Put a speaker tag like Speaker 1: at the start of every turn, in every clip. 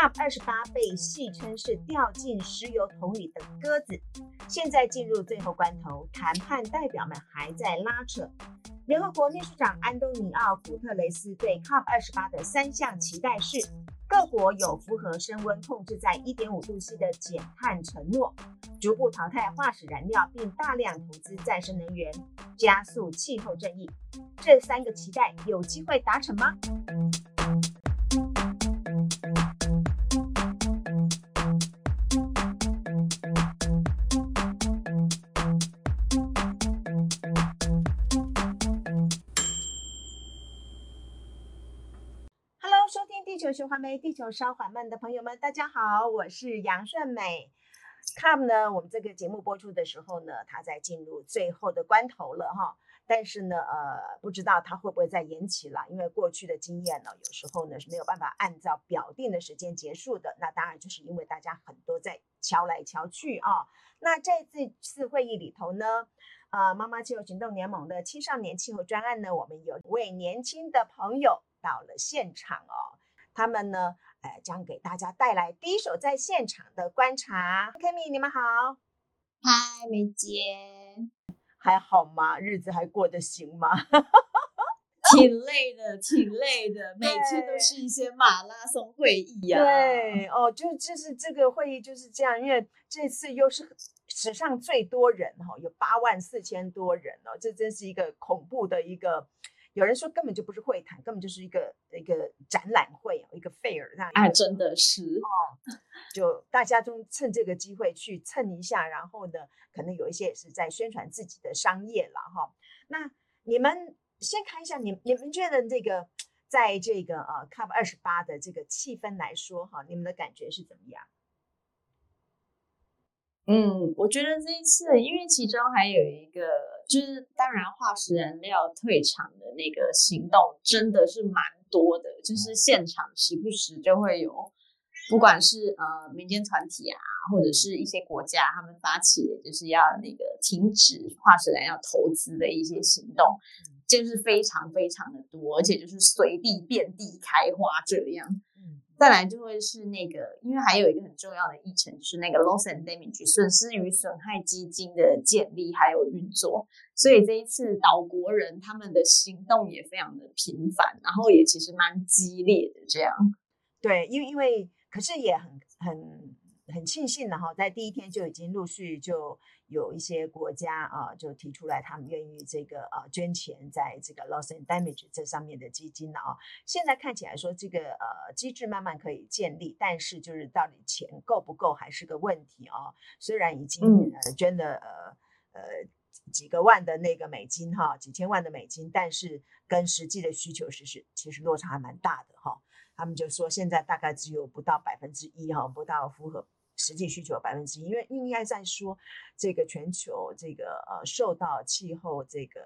Speaker 1: COP 二十八被戲稱是掉進石油桶裡的鴿子，現在進入最後關頭，談判代表們還在拉扯。聯合國秘書長安東尼奧·古特雷斯對 COP 二十八的三項期待是：各國有符合升溫控制在1.5度 C 的減碳承諾，逐步淘汰化石燃料，並大量投資再生能源，加速氣候正義。這三個期待有機會達成嗎？各位胸懷美地球稍緩慢的朋友們，大家好，我是楊順美。COP 呢，我們這個節目播出的時候呢，它在進入最後的關頭了哈、哦。但是呢，呃，不知道它會不會再延期了，因為過去的經驗呢、哦，有時候呢是沒有辦法按照表定的時間結束的。那當然就是因為大家很多在喬來喬去啊、哦。那在這次會議裡頭呢，啊、呃，媽媽氣候行動聯盟的青少年氣候專案呢，我們有位年輕的朋友到了現場哦。他們呢，呃，將給大家帶來第一手在現場的觀察。Kimi，你們好。嗨，梅姐。還好嗎？日子還過得行嗎？ 挺累的，挺累的，對每次都是一些馬拉松會議啊。對，哦，就就是這個會議就是這樣，因為這次又是史上最多人，哦，有八萬四千多人哦，這真是一個恐怖的一個。有人說根本就不是會談，根本就是一個一個展覽會哦，一個 fair 那樣、啊。真的是哦，就大家都趁這個機會去蹭一下，然後呢，可能有一些也是在宣傳自己的商業了哈、哦。那你們先看一下，你你們覺得這個在這個呃、啊、COP28 的這個氣氛來說哈、哦，你們的感覺是怎麼樣？嗯，
Speaker 2: 我
Speaker 1: 覺得這一次因為其中
Speaker 2: 還有一個。就是，當然，化石燃料退場的那個行動真的是蠻多的，就是現場時不時就會有，不管是呃民間團體啊，或者是一些國家，他們發起的就是要那個停止化石燃料投資的一些行動，就是非常非常的多，而且就是隨地遍地開花這樣。再來就會是那個，因為還有一個很重要的議程，就是那個 loss and damage 損失與損害基金的建立還有運作，所以這一次島國人他們的行動也非常的頻
Speaker 1: 繁，然後也其實蠻激烈的這樣。對，因為因為可是也很很很慶幸的哈，然後在第一天就已經陸續就。有一些國家啊，就提出來他們願意這個啊捐錢在這個 loss and damage 這上面的基金了啊。現在看起來說這個呃機制慢慢可以建立，但是就是到底錢夠不夠還是個問題啊。雖然已經呃捐了呃呃幾個萬的那個美金哈，幾千萬的美金，但是跟實際的需求是其實落差還蠻大的哈。他們就說現在大概只有不到百分之一哈，不到符合。實際需求百分之一，因為應該在說這個全球這個呃受到氣候這個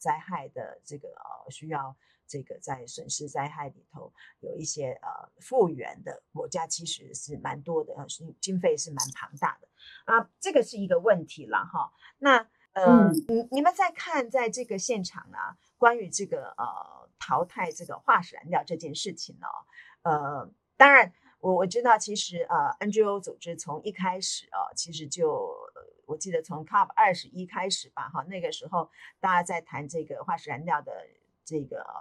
Speaker 1: 災害的這個呃需要這個在損失災害裡頭有一些呃復原的國家其實是蠻多的，呃，經費是蠻龐大的啊，這個是一個問題了哈。那呃，你、嗯、你們在看在這個現場啊，關於這個呃淘汰這個化石燃料這件事情呢、哦，呃，當然。我我知道，其實呃、啊，NGO 組織從一開始啊，其實就我記得從 COP 二十一開始吧，哈，那個時候大家在談這個化石燃料的這個、啊、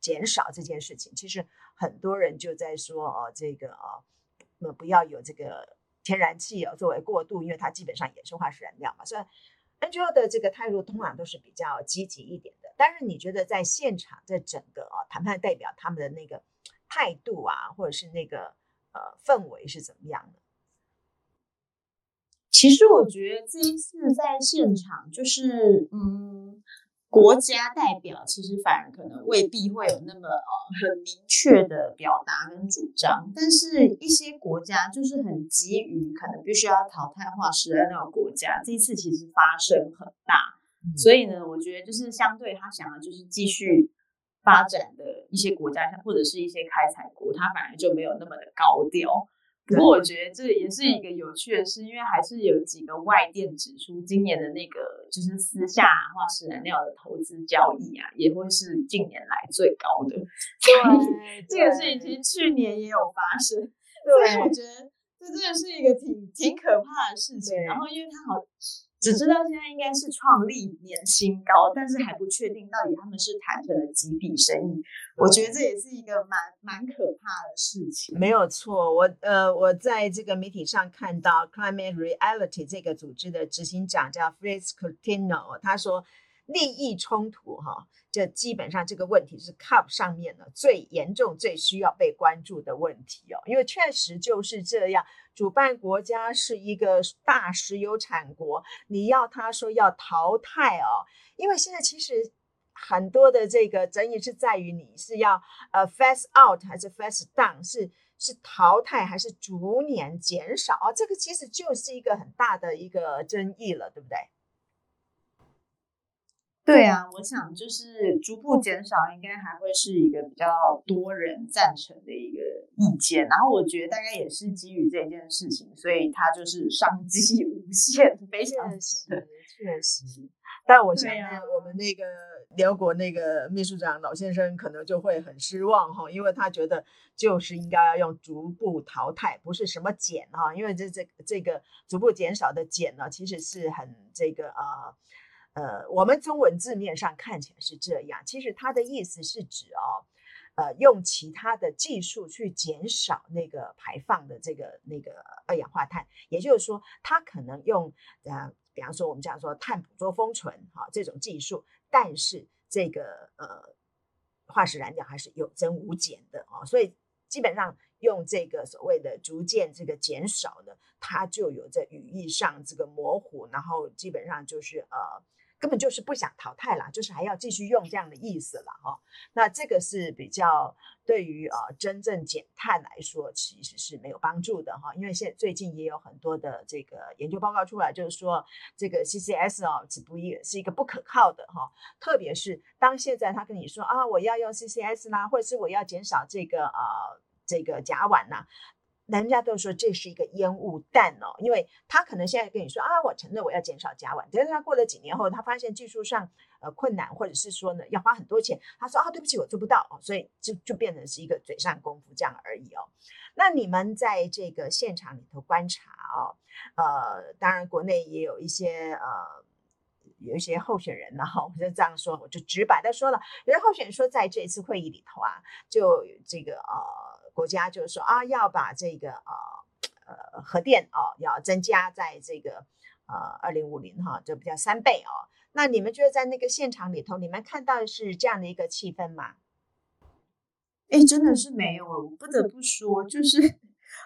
Speaker 1: 減少這件事情，其實很多人就在說哦、啊，這個哦、啊，不不要有這個天然氣哦、啊，作為過渡，因為它基本上也是化石燃料嘛。所以 NGO 的這個態度通常都是比較積極一點的。但是你覺得在現場，在整個啊談判代表他們的那個態度啊，或者是那個？呃，氛圍是怎麼樣的？
Speaker 2: 其實我覺得這一次在現場，就是嗯，國家代表其實反而可能未必會有那麼呃很明確的表達跟主張，但是一些國家就是很急於可能必須要淘汰化石的那種國家，這一次其實發聲很大，嗯、所以呢，我覺得就是相對他想要就是繼續。發展的一些國家，或者是一些開採國，它反而就沒有那麼的高調。不過對我覺得這也是一個有趣的事，因為還是有幾個外電指出，今年的那個就是私下化石燃料的投資交易啊，也會是近年來最高的。對，所以這個事情去年也有發生。對，對我覺得這真的是一個挺挺可怕的事情。對然後，因為它好。只知道，現在應該是創歷年新高，但是還不確定到底他們是談成了幾筆生意。我覺得這
Speaker 1: 也是一個蠻蠻可怕的事情。沒有錯，我呃，我在這個媒體上看到 Climate Reality 這個組織的執行長叫 Frisk Tino，他說。利益衝突、啊，哈，這基本上這個問題是 COP 上面呢最嚴重、最需要被關注的問題哦。因為確實就是這樣，主辦國家是一個大石油產國，你要他說要淘汰哦，因為現在其實很多的這個爭議是在於你是要呃 phase out 還是 phase down，是是淘汰還是逐年減少啊、哦？這個其實就是一個很大的一個爭議了，對不對？對啊，嗯、我想就是逐步減少，應該還會是一
Speaker 2: 個比較多人贊成的一個意見。嗯、然後我覺得大概也是基於這
Speaker 1: 件事情，嗯、所以他就是商機無限，非常確實。確實、嗯，但我想我們那個聯合國那個秘書長老先生可能就會很失望哈，因為他覺得就是應該要用逐步淘汰，不是什麼減啊，因為這這這個逐步減少的減呢，其實是很這個啊。呃，我們中文字面上看起來是這樣，其實它的意思是指哦，呃，用其他的技術去減少那個排放的這個那個二氧化碳，也就是說，它可能用呃，比方說我們講說碳捕捉封存，哈、啊，這種技術，但是這個呃化石燃料還是有增無減的啊，所以基本上用這個所謂的逐漸這個減少呢，它就有着語義上這個模糊，然後基本上就是呃。根本就是不想淘汰啦，就是還要繼續用這樣的意思了哈、哦。那這個是比較對於呃、啊、真正減碳來說，其實是沒有幫助的哈。因為現最近也有很多的這個研究報告出來，就是說這個 CCS 哦，只不過是一個不可靠的哈。特別是當現在他跟你說啊，我要用 CCS 啦、啊，或者是我要減少這個呃這個甲烷吶、啊。人家都說這是一個煙霧彈哦，因為他可能現在跟你說啊，我承認我要減少甲烷，但是他過了幾年後，他發現技術上呃困難，或者是說呢要花很多錢，他說啊對不起我做不到哦，所以就就變成是一個嘴上功夫這樣而已哦。那你們在這個現場裡頭觀察哦，呃，當然國內也有一些呃有一些候選人呢、啊、哈，我就這樣說，我就直白的說了，有些候選人說在這一次會議裡頭啊，就這個呃。國家就是說啊，要把這個呃呃核電哦，要增加在這個呃2050哈，就比較三倍哦。那你們就在那個現場裡頭，你們看到的是這樣的一個氣氛嗎？
Speaker 2: 誒、欸，真的是沒有，我不得不說，就是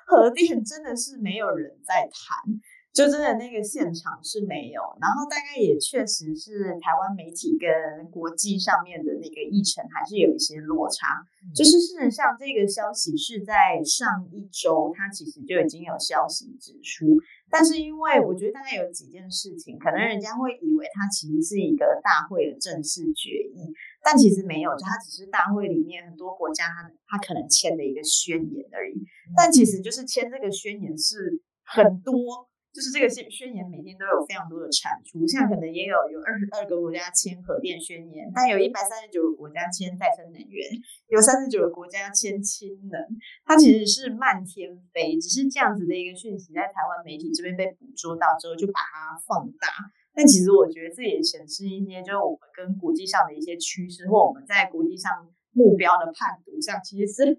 Speaker 2: 核電真的是沒有人在談。就真的那個現場是沒有，然後大概也確實是台灣媒體跟國際上面的那個議程還是有一些落差。嗯、就是事實上，這個消息是在上一周，它其實就已經有消息指出，但是因為我覺得大概有幾件事情，可能人家會以為它其實是一個大會的正式決議，但其實沒有，就它只是大會裡面很多國家它可能簽的一個宣言而已。嗯、但其實就是簽這個宣言是很多。就是這個宣宣言，每天都有非常多的產出。現在可能也有有二十二個國家簽核電宣言，但有一百三十九個國家簽再生能源，有三十九個國家簽氫能。它其實是漫天飛，只是這樣子的一個訊息在台灣媒體這邊被捕捉到之後，就把它放大。但其實我覺得這也顯示一些，就是我們跟國際上的一些趨勢，或我們在國際上目標的判讀上，其實是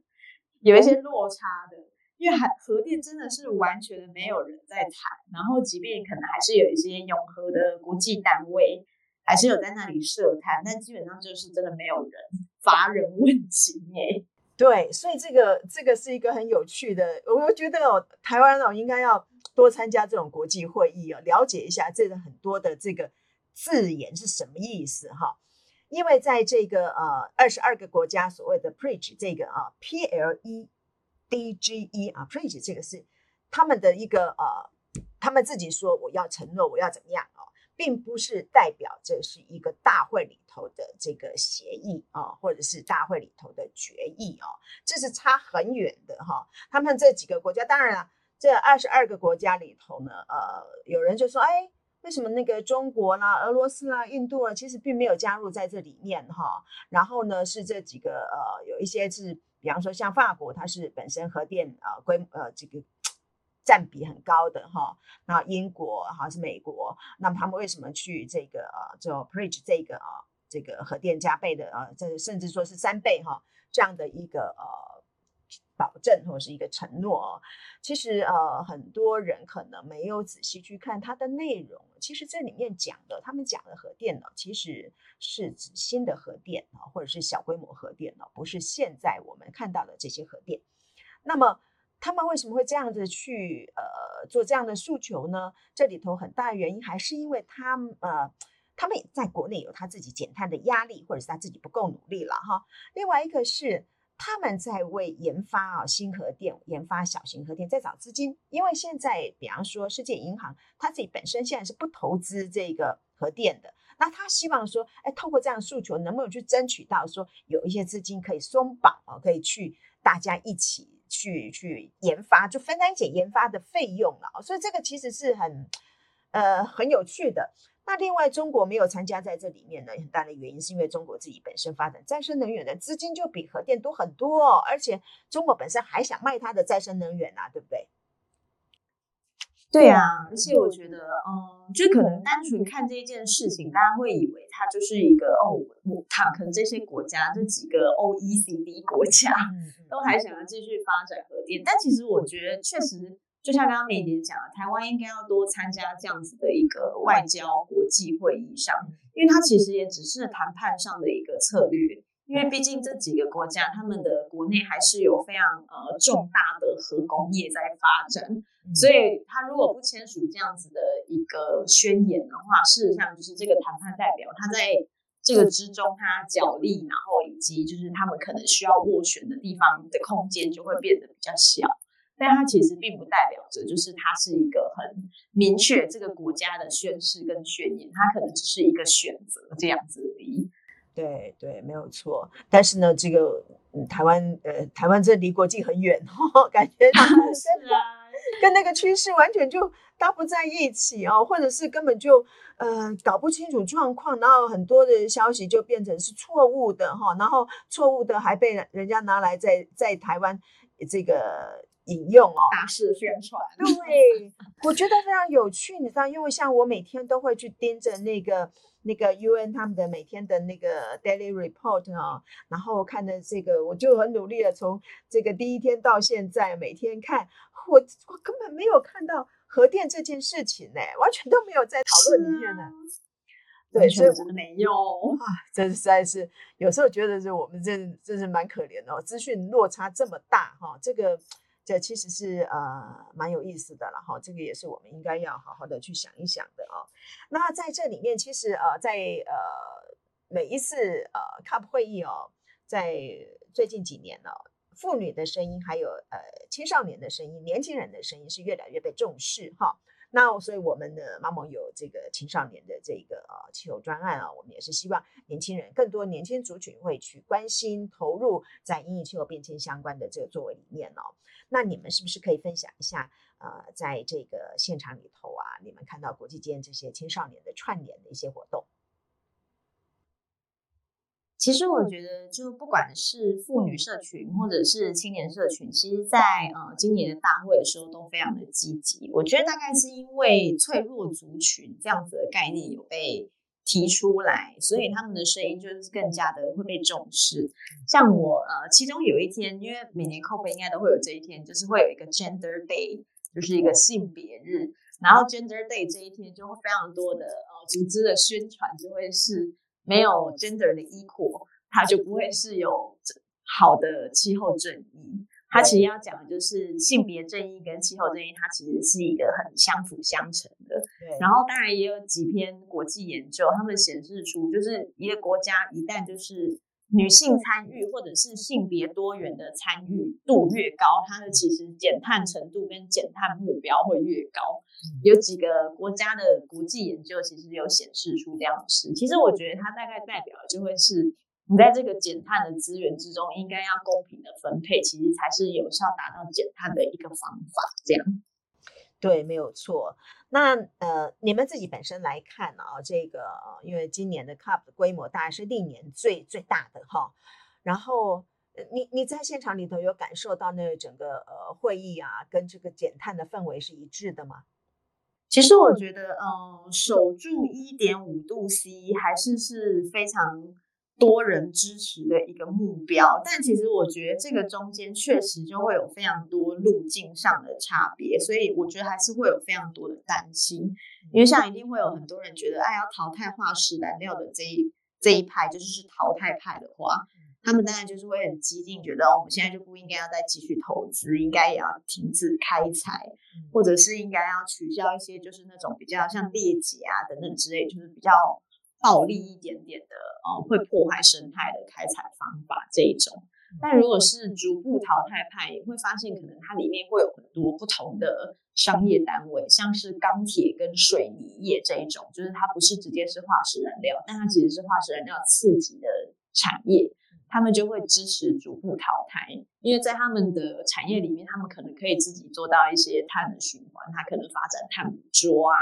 Speaker 2: 有一些落差的。因為核電真的是完全沒有人在談，然後即便可能還是有一些永和的國際單位，還是有在那裡設談，但基本上就是真的沒有人乏人問
Speaker 1: 津。對，所以這個這個是一個很有趣的，我覺得哦，台灣人應該要多參加這種國際會議，哦，了解一下這個很多的這個字眼是什麼意思哈、哦。因為在這個呃二十二個國家所謂的 Pledge 這個啊 P-L-E。DGE 啊 Praise 這個是他們的一個呃，他們自己說我要承諾我要怎麼樣哦，並不是代表這是一個大會裡頭的這個協議哦，或者是大會裡頭的決議哦。這是差很遠的哈、哦。他們這幾個國家，當然了，這二十二個國家裡頭呢，呃，有人就說，哎、欸，為什麼那個中國啦、俄羅斯啦、印度啊，其實並沒有加入在這裡面哈、哦？然後呢，是這幾個呃，有一些是。比方說，像法國，它是本身核電啊規呃這個占比很高的哈。那英國哈是美國，那麼他們為什麼去這個啊叫 Pledge 這個啊這個核電加倍的啊？這甚至說是三倍哈這樣的一個呃。保證或者是一個承諾哦，其實呃很多人可能沒有仔細去看它的內容。其實這裡面講的，他們講的核電呢，其實是指新的核電呢，或者是小規模核電呢，不是現在我們看到的這些核電。那麼他們為什麼會這樣子去呃做這樣的訴求呢？這裡頭很大的原因還是因為，他呃他們，他們也在國內有他自己減碳的壓力，或者是他自己不夠努力了哈。另外一個是。他們在為研發啊、哦、新核電、研發小型核電在找資金，因為現在比方說世界銀行，它自己本身現在是不投資這個核電的，那他希望說，哎、透過這樣的訴求，能不能去爭取到說有一些資金可以鬆綁啊、哦，可以去大家一起去去研發，就分擔一些研發的費用了、哦。所以這個其實是很，呃，很有趣的。那另外，中國沒有參加在這裡面呢，很大的原因是因為中國自己本身發展再生能源的資金就比核電多很多、哦，而且中國本身還想賣它的再生能源啊，對不對？對呀、啊，而且我覺得，
Speaker 2: 嗯，就可能單
Speaker 1: 純看這一件事
Speaker 2: 情，大家會以為它就是一個哦，它可能這些國家這幾個 OECD 國家都還想要繼續發展核電，但其實我覺得確實。就像剛剛美姐講的，台灣應該要多參加這樣子的一個外交國際會議上，因為它其實也只是談判上的一個策略。因為畢竟這幾個國家他們的國內還是有非常呃重大的核工業在發展，嗯、所以他如果不簽署這樣子的一個宣言的話，事實上就是這個談判代表他在這個之中他角力，然後以及就是他們可能需要斡旋的地方的空間就會變得比較小。但它其實並不代表着，就是它是一個很明確這個國家的宣誓跟宣言，它可能只是一個選擇這樣子而已。
Speaker 1: 對對，沒有錯。但是呢，這個、嗯、台灣呃，台灣這離國際很遠哦，感覺是跟 是、啊、跟那個趨勢完全就搭不在一起哦，或者是根本就呃搞不清楚狀況，然後很多的消息就變成是錯誤的哈、哦，然後錯誤的還被人家拿來在在台灣這個。引用哦，大肆宣傳，對， 我覺得非常有趣，你知道，因為像我每天都會去盯着那個那個 UN 他們的每天的那個 daily report 啊、哦，然後看的這個，我就很努力的從這個第一天到現在每天看，我我根本沒有看到核電這件事情呢、欸，完全都沒有在討論裡面的，呢對，所以我們沒有啊，真實在是有時候覺得，是我們真真是蠻可憐的、哦，資訊落差這麼大哈、哦，這個。這其實是呃蠻有意思的了哈，這個也是我們應該要好好的去想一想的啊、哦。那在這裡面，其實呃在呃每一次呃 COP 會議哦，在最近幾年呢、哦，婦女的聲音還有呃青少年的聲音、年輕人的聲音是越來越被重視哈、哦。那、哦、所以我們的媽盟有這個青少年的這個呃氣候專案啊，我們也是希望年輕人更多年輕族群會去關心、投入在因應氣候變遷相關的這個作為裡面哦。那你們是不是可以分享一下？呃，在這個現場裡頭啊，你們看到國際間這些青少年的串聯的一些活動，
Speaker 2: 其實我覺得，就不管是婦女社群或者是青年社群，其實在呃今年的大會的時候都非常的積極。我覺得大概是因為脆弱族群這樣子的概念有被提出來，所以他們的聲音就是更加的會被重視。像我，呃，其中有一天，因為每年 COP 應該都會有這一天，就是會有一個 Gender Day，就是一個性別日。然後 Gender Day 這一天，就會非常多的呃組織的宣傳就會是沒有 Gender equality，它就不會是有好的氣候正義。它其實要講的就是性別正義跟氣候正義，它其實是一個很相輔相成的。然後當然也有幾篇國際研究，他們顯示出就是一個國家一旦就是女性參與或者是性別多元的參與度越高，它的其實減碳程度跟減碳目標會越高。有幾個國家的國際研究其實有顯示出這樣的事。其實我覺得它大概代表的就會是。你在這個減碳的資源之中，應該
Speaker 1: 要公平的分配，其實才是有效達到減碳的一個方法。這樣，對，沒有錯。那呃，你們自己本身來看啊，這個因為今年的 COP 的規模大概是歷年最最大的哈。然後，你你在現場裡頭有感受到那整個呃會議啊，跟這個減碳的氛圍是一致的嗎？
Speaker 2: 其實我覺得，嗯，守住一點五度 C 還是是非常。多人支持的一個目標，但其實我覺得這個中間確實就會有非常多路徑上的差別，所以我覺得還是會有非常多的擔心，嗯、因為像一定會有很多人覺得，哎，要淘汰化石燃料的這一這一派，就是是淘汰派的話，嗯、他們當然就是會很激進，覺得、哦、我們現在就不應該要再繼續投資，應該也要停止開採，或者是應該要取消一些就是那種比較像劣跡啊等等之類，就是比較。暴力一點點的，哦，會破壞生態的開採方法這一種。但如果是逐步淘汰派，也會發現可能它裡面會有很多不同的商業單位，像是鋼鐵跟水泥業這一種，就是它不是直接是化石燃料，但它其實是化石燃料刺激的產業，他們就會支持逐步淘汰，因為在他們的產業裡面，他們可能可以自己做到一些碳的循環，它可能發展碳捕捉啊。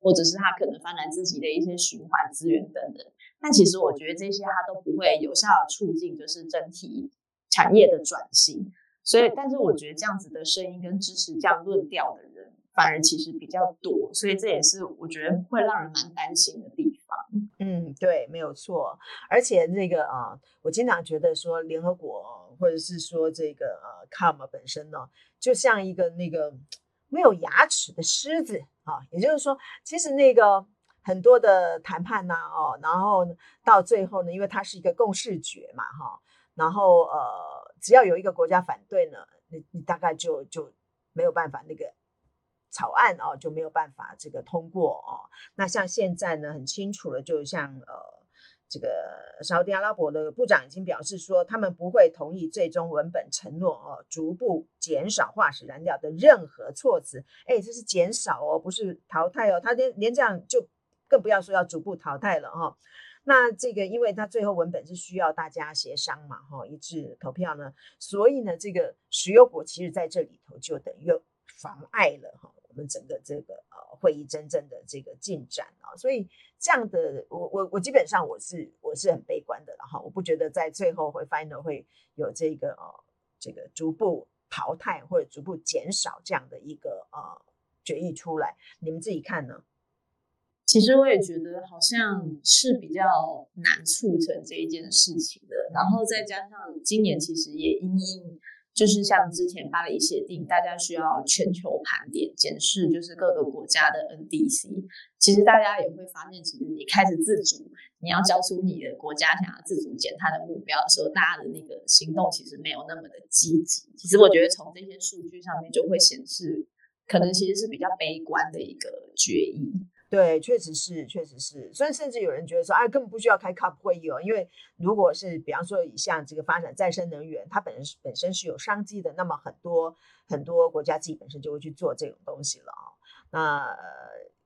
Speaker 2: 或者是他可能發展自己的一些循環資源等等，但其實我覺得這些他都不會有效的促進，就是整體產業的轉型。所以，但是我覺得這樣子的聲音跟支持這樣論調的人，
Speaker 1: 反而其實比較多。所以這也是我覺得會讓人蠻擔心的地方。嗯，對，沒有錯。而且那個啊，我經常覺得說聯合國或者是說這個 COP 本身呢，啊，就像一個那個沒有牙齒的獅子。啊，也就是說，其實那個很多的談判呢、啊，哦，然後到最後呢，因為它是一個共識決嘛，哈、哦，然後呃，只要有一個國家反對呢，你你大概就就沒有辦法，那個草案哦就沒有辦法這個通過哦。那像現在呢，很清楚的，就像呃。這個沙特阿拉伯的部長已經表示說，他們不會同意最終文本承諾哦，逐步減少化石燃料的任何措辭。哎，這是減少哦，不是淘汰哦。他連連這樣就更不要說要逐步淘汰了哈、哦。那這個，因為他最後文本是需要大家協商嘛，哈，一致投票呢。所以呢，這個石油國其實在這裡頭就等於妨礙了哈、哦、我們整個這個呃會議真正的這個進展啊、哦。所以。這樣的，我我我基本上我是我是很悲觀的，然後我不覺得在最後會 final 會有這個呃、哦、這個逐步淘汰或者逐步減少這樣的一個呃、哦、決議出來，你們自己看呢？其實我也覺得好像
Speaker 2: 是比較難促成這一件事情的，嗯、然後再加上今年其實也因應。就是像之前巴黎協定，大家需要全球盤點檢視，就是各個國家的 NDC。其實大家也會發現，其實你開始自主，你要交出你的國家想要自主檢查的目標的時候，大家的那個行動其實沒有那麼的積極。其實我覺得從這些數據上面就會顯示，可能
Speaker 1: 其實是比較悲觀的一個決議。對，確實是，確實是。所以甚至有人覺得說，啊、哎，根本不需要開 COP 會議哦，因為如果是比方說像這個發展再生能源，它本身本身是有商機的，那麼很多很多國家自己本身就會去做這種東西了啊、哦。那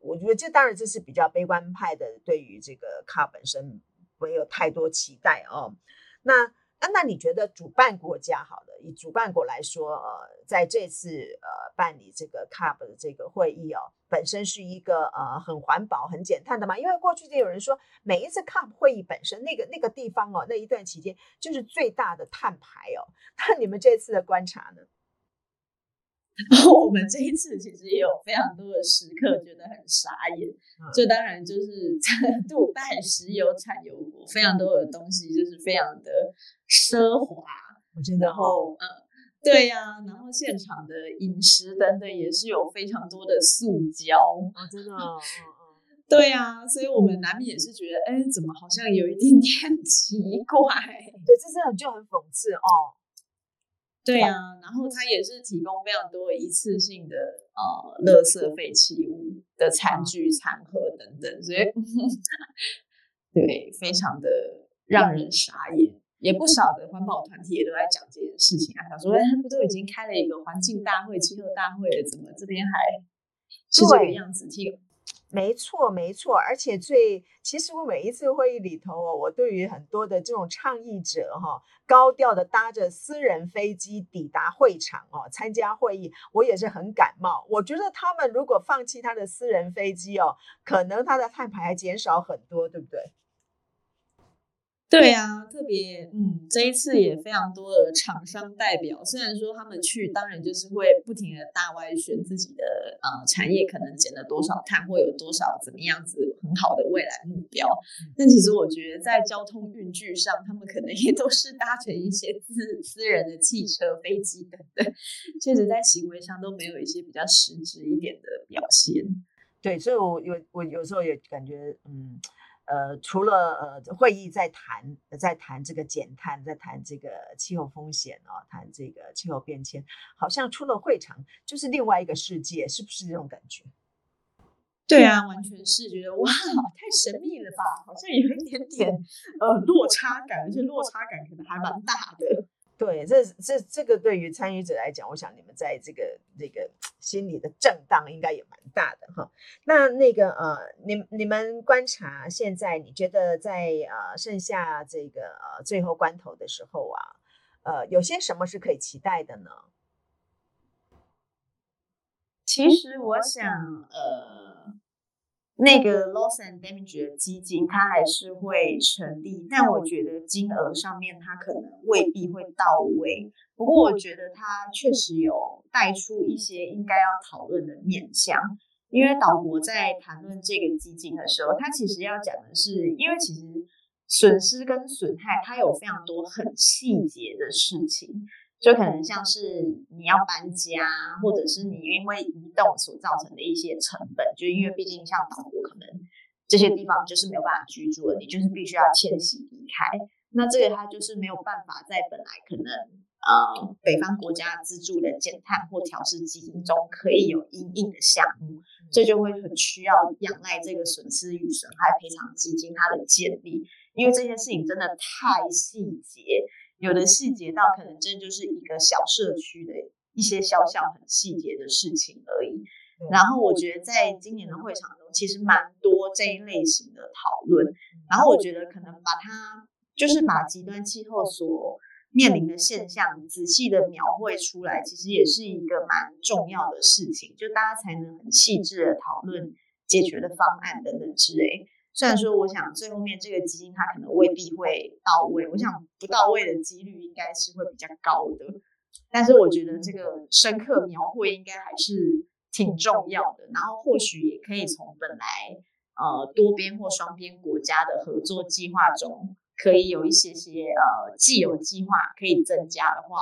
Speaker 1: 我覺得這當然這是比較悲觀派的，對於這個 COP 本身沒有太多期待哦。那。啊，那你覺得主辦國家好的，以主辦國來說，呃，在這次呃辦理這個 COP 的這個會議哦，本身是一個呃很環保、很減碳的嘛？因為過去就有人說，每一次 COP 會議本身那個那個地方哦，那一段期間就是最大的碳排哦。那你們這次的觀察呢？然後 我們這一次其實
Speaker 2: 也有非常多的時刻覺得很傻眼，這、嗯、當然就是在杜拜石油產、嗯、油國，非常多的東西就是非常的奢華，我覺得然後嗯對呀、啊，然後現場的飲食等等也是有非常多的塑膠、啊，真的、哦、嗯、 對呀、啊，所以我們難免也是覺得哎、嗯欸、怎麼好像有一點點奇怪，嗯、對，這真的就很諷刺哦。對啊，嗯、然後它也是提供非常多一次性的呃，垃圾廢棄物的餐具、餐盒等等，所以 對，非常的讓人傻眼。嗯、也不少的環保團體也都在講這件事情啊，他說：“哎，他們都已經開了一個環境大會、氣候大會，怎麼這邊還
Speaker 1: 是這個樣子？”聽。沒錯，沒錯，而且最，其實我每一次會議裡頭哦，我對於很多的這種倡議者哈哦，高調的搭着私人飛機抵達會場哦，參加會議，我也是很感冒。我覺得他們如果放棄他的私人飛機哦，可能他的碳排還減少很多，對不對？
Speaker 2: 對呀、啊，特別，嗯，這一次也非常多的廠商代表，雖然說他們去，當然就是會不停的大外宣自己的呃產業可能減了多少碳或有多少怎麼樣子很好的未來目標，但其實我覺得在交通運具上，他們可能也都是搭乘一些私私人的汽車、飛機等等，確實在行為上都沒有一些比較實質一
Speaker 1: 點的表現。對，所以我有我有時候也感覺嗯。呃，除了呃，會議在談，在談這個減碳，在談這個氣候風險哦，談這個氣候變遷，好像出了會場就是另外一個世界，是不是這種感覺？
Speaker 2: 對啊，完全是覺得哇，太神秘了吧，好
Speaker 1: 像有一點點呃落差感，而且 落差感可能還蠻大的。對，這這這個對於參與者來講，我想你們在這個這個心裡的震盪應該也蠻大的哈。那那個呃，你你們觀察現在，你覺得在呃剩下這個、呃、最後關頭的時候啊，呃，有些什麼是可以期待的呢？其實我
Speaker 2: 想呃。嗯那個 loss and damage 的基金，它還是會成立，但我覺得金額上面它可能未必會到位。不過我覺得它確實有帶出一些應該要討論的面向，因為島國在談論這個基金的時候，它其實要講的是，因為其實損失跟損害，它有非常多很細節的事情。就可能像是你要搬家，或者是你因為移動所造成的一些成本，就因為畢竟像島國可能這些地方就是沒有辦法居住了，你就是必須要遷徙離開。那這個它就是沒有辦法在本來可能呃北方國家資助的減碳或調適基金中可以有相應的項目，這就會很需要仰賴這個損失與損害賠償基金它的建立，因為這件事情真的太細節。有的細節到可能真就是一個小社區的一些小小很細節的事情而已。然後我覺得在今年的會場中，其實蠻多這一類型的討論。然後我覺得可能把它就是把極端氣候所面臨的現象仔細的描繪出來，其實也是一個蠻重要的事情，就大家才能很細緻的討論解決的方案等等之類。雖然說，我想最後面這個基金它可能未必會到位，我想不到位的幾率應該是會比較高的。但是我覺得這個深刻描繪應該還是挺重要的。然後或許也可以從本來呃多邊或雙邊國家的合作計劃中，可以有一些些呃既有計劃可以增加的話，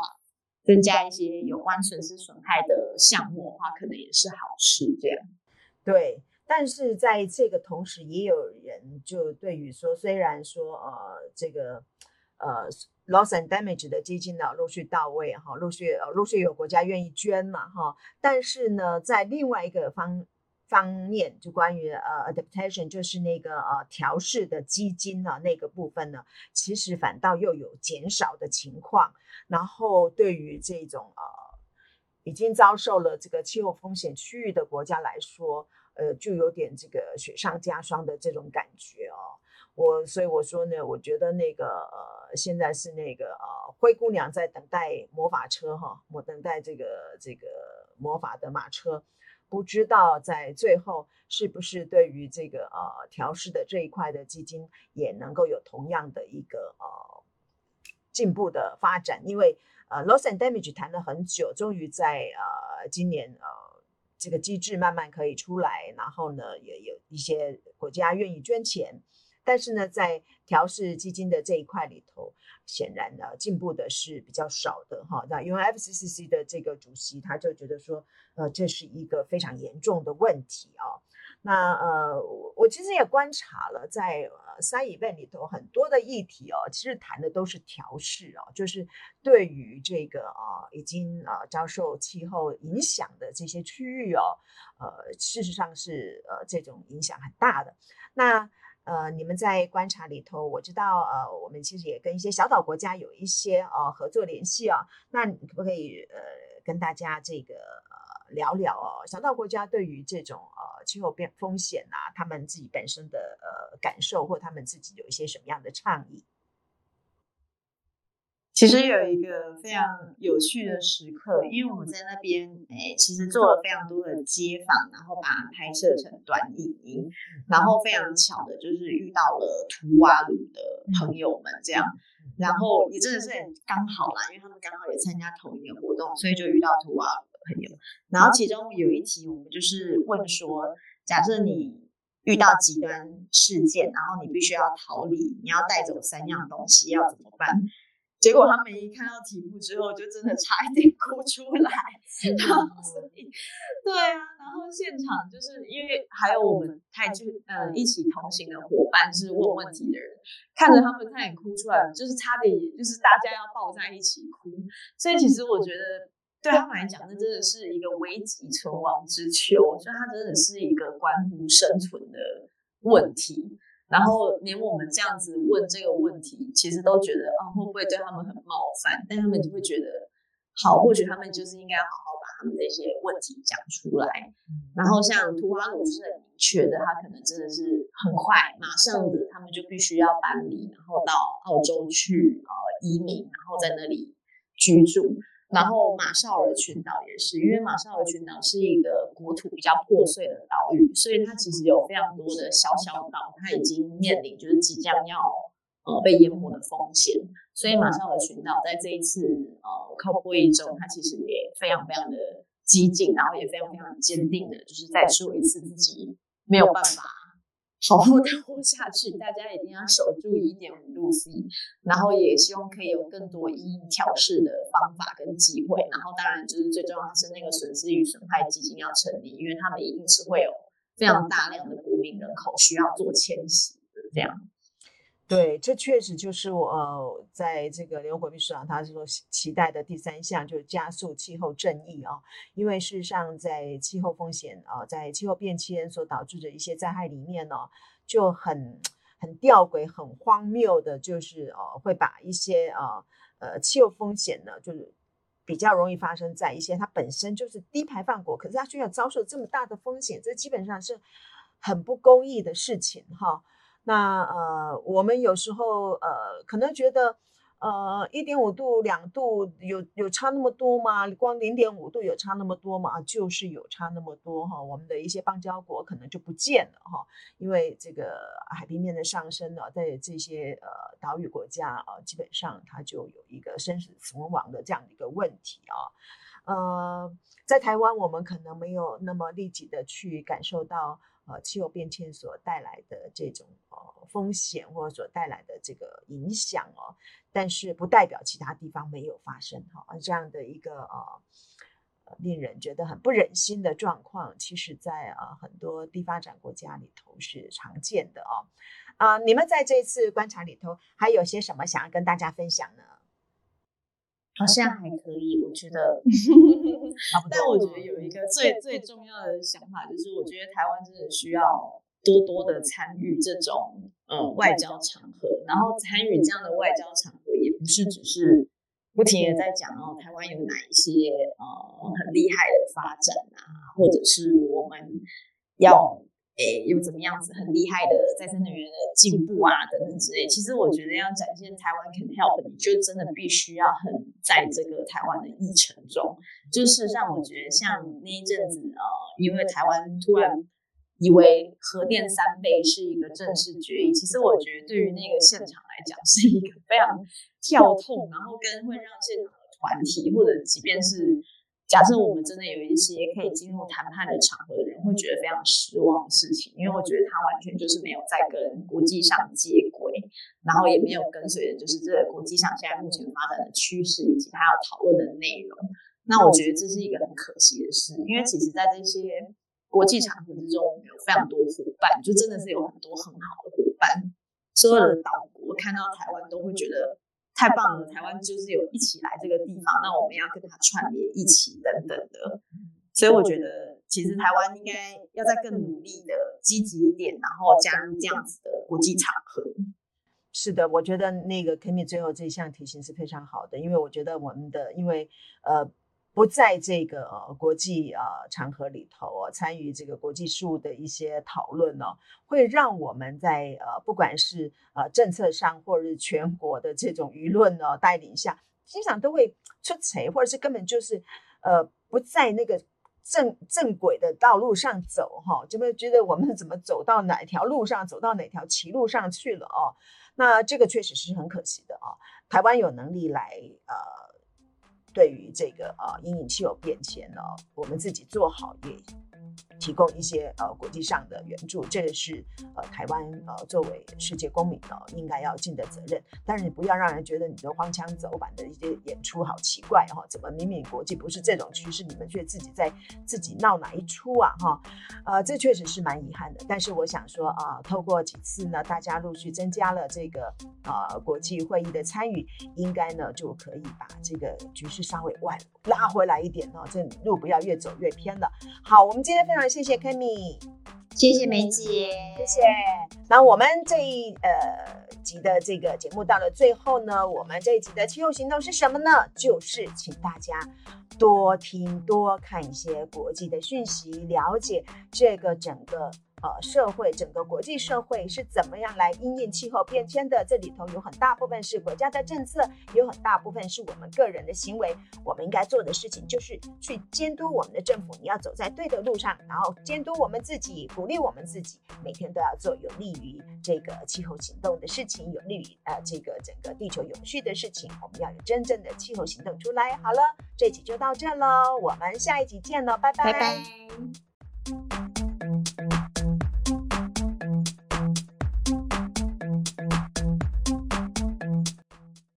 Speaker 2: 增加一些有關損失損害的項目的話，可能也是好事。這樣
Speaker 1: 對。但是在這個同時，也有人就對於說，雖然說，呃，這個，呃，loss and damage 的基金呢陸續到位哈、哦，陸續陸續有國家願意捐嘛哈、哦，但是呢，在另外一個方方面，就關於呃 adaptation，就是那個呃調適的基金呢那個部分呢，其實反倒又有減少的情況。然後對於這種呃已經遭受了這個氣候風險區域的國家來說，呃，就有點這個雪上加霜的這種感覺哦。我所以我說呢，我覺得那個呃，現在是那個呃，灰姑娘在等待魔法車哈、哦，我等待這個這個魔法的馬車，不知道在最後是不是對於這個呃調試的這一塊的基金也能夠有同樣的一個呃進步的發展。因為呃，Loss and Damage 談了很久，終於在呃今年呃。這個機制慢慢可以出來，然後呢，也有一些國家願意捐錢，但是呢，在調試基金的這一塊裡頭，顯然呢進步的是比較少的哈、哦。那因為 FCCC 的這個主席他就覺得說，呃，這是一個非常嚴重的問題啊、哦。那呃，我我其實也觀察了在，在、啊、對三以備裡頭很多的議題哦，其實談的都是調適哦，就是對於這個呃、啊、已經呃、啊、遭受氣候影響的這些區域哦，呃、啊，事實上是呃、啊、這種影響很大的。那呃，你們在觀察裡頭，我知道呃、啊，我們其實也跟一些小島國家有一些呃、啊、合作聯繫哦，那你可不可以呃跟大家這個呃、啊、聊聊哦、啊？小島國家對於這種呃。啊氣候變風險啊，他們自己本身的呃感受，或他們自己有一些什麼樣的倡議？
Speaker 2: 其實有一個非常有趣的時刻，因為我在那邊哎、欸，其實做了非常多的街訪，然後把它拍攝成短影音，然後非常巧的就是遇到了圖瓦魯的朋友們，這樣，然後也真的是很剛好啦，因為他們剛好也參加同一個活動，所以就遇到圖瓦。朋友，然後其中有一題，我們就是問說，假設你遇到極端事件，然後你必須要逃離，你要帶走三樣東西，要怎麼辦？結果他們一看到題目之後，就真的差一點哭出來。然後，對啊，然後現場就是因為還有我們太劇，呃，一起同行的伙伴是問問題的人，看着他們差點哭出來，就是差點就是大家要抱在一起哭。所以其實我覺得。對他們來講，那真的是一個危急存亡之秋，我覺得它真的是一個關乎生存的問題。然後，連我們這樣子問這個問題，其實都覺得啊、哦，會不會對他們很冒犯？但他們就會覺得，好，或許他們就是應該好好把他們的一些問題講出來。然後像土，像吐瓦魯是很明確的，他可能真的是很快，馬上子他們就必須要搬離，然後到澳洲去啊、呃、移民，然後在那裡居住。然後馬紹爾群島也是，因為馬紹爾群島是一個國土比較破碎的島嶼，所以它其實有非常多的小小島，它已經面臨就是即將要呃被淹沒的風險。所以馬紹爾群島在這一次呃 COP28，它其實也非常非常的激進，然後也非常非常的堅定的，就是再說一次自己沒有辦法好好生活下去，大家一定要守住一點五度 C，然後也希望可以有更多一一調試的方法跟機會，然後當然就是最重要的是那個損失與損害基金要成立，因為他
Speaker 1: 們一定是會有非常大量的國民人口需要做遷徙這樣。對，這確實就是我在這個聯合國秘書長，他所期待的第三項，就是加速氣候正義哦，因為事實上，在氣候風險啊，在氣候變遷所導致的一些災害裡面呢，就很很吊詭、很荒謬的，就是哦，會把一些啊呃氣候風險呢，就是比較容易發生在一些它本身就是低排放國，可是它卻要遭受這麼大的風險，這基本上是很不公義的事情哈。那呃，我們有時候呃，可能覺得，呃，一點五度、兩度有有差那麼多嗎？光零點五度有差那麼多嗎？就是有差那麼多哈、哦。我們的一些邦交國可能就不見了哈、哦，因為這個海平面的上升呢，在、哦、這些呃島嶼國家啊、哦，基本上它就有一個生死存亡的這樣的一個問題啊、哦。呃，在台灣，我們可能沒有那麼立即的去感受到。呃，氣候變遷所帶來的這種呃風險，或者所帶來的這個影響哦，但是不代表其他地方沒有發生哈，這樣的一個呃，呃，令人覺得很不忍心的狀況，其實，在呃很多低發展國家裡頭是常見的哦。啊，你們在這次觀察裡頭還有些什麼想要跟大家分享呢？好像還可以，我覺得。 但我覺得有一個最
Speaker 2: 最重要的想法，就是我覺得台灣真的需要多多的參與這種嗯外交場合，然後參與這樣的外交場合，也不是只是不停的在講哦，台灣有哪一些呃很厲害的發展啊，或者是我們要。誒，又怎麼樣子很厲害的再生能源的進步啊等等之類，其實我覺得要展現台灣 can help，你就真的必須要很在這個台灣的議程中，就是讓我覺得像那一陣子啊、哦，因為台灣突然以為核電三倍是一個正式決議，其實我覺得對於那個現場來講，是一個非常跳痛，然後跟會讓現場的團體或者即便是。假設我們真的有一些可以進入談判的場合的人，會覺得非常失望的事情，因為我覺得他完全就是沒有在跟國際上接軌，然後也沒有跟隨著就是這個國際上現在目前發展的趨勢以及他要討論的內容。那我覺得這是一個很可惜的事，因為其實在這些國際場合之中，我們有非常多夥伴，就真的是有很多很好的夥伴，所有的島國看到台灣都會覺得，太棒了！台灣就是有一起來這個地方，嗯、那我們要跟他串聯一起等等的，嗯、所以我覺得其實台灣應
Speaker 1: 該要再更努力的、積極一點，然後加入這樣子的國際場合。是的，我覺得那個 Kimi 最後這一項提醒是非常好的，因為我覺得我們的因為呃。不在這個國際呃場合裡頭參與這個國際事務的一些討論呢，會讓我們在呃不管是呃政策上或者是全國的這種輿論呢帶領下，經常都會出錯，或者是根本就是不在那個正正軌的道路上走哈，怎麼覺得我們怎麼走到哪條路上，走到哪條歧路上去了哦？那這個確實是很可惜的啊，台灣有能力來呃。對於這個啊，陰影氣候變遷呢，我們自己做好也。提供一些呃國際上的援助，這個是呃台灣呃作為世界公民呢、哦、應該要盡的責任。但是你不要讓人覺得你的荒腔走板的一些演出好奇怪哈、哦，怎麼明明國際不是這種趨勢，你們卻自己在自己鬧哪一出啊哈、哦？呃，這確實是蠻遺憾的。但是我想說啊，透過幾次呢，大家陸續增加了這個呃國際會議的參與，應該呢就可以把這個局勢稍微外拉回來一點哦，這路不要越走越偏了。好，我們。今天非常謝謝 Kimi，謝謝梅姐，謝謝。那我們這一呃集的這個節目到了最後呢，我們這一集的氣候行動是什麼呢？就是請大家多聽多看一些國際的訊息，了解這個整個。呃，社會整個國際社會是怎麼樣來因應氣候變遷的？這裡頭有很大部分是國家的政策，有很大部分是我們個人的行為。我們應該做的事情就是去監督我們的政府，你要走在對的路上，然後監督我們自己，鼓勵我們自己，每天都要做有利於這個氣候行動的事情，有利於呃這個整個地球永續的事情。我們要有真正的氣候行動出來。好了，這期就到這了，我們下一集見嘍，拜拜。拜拜。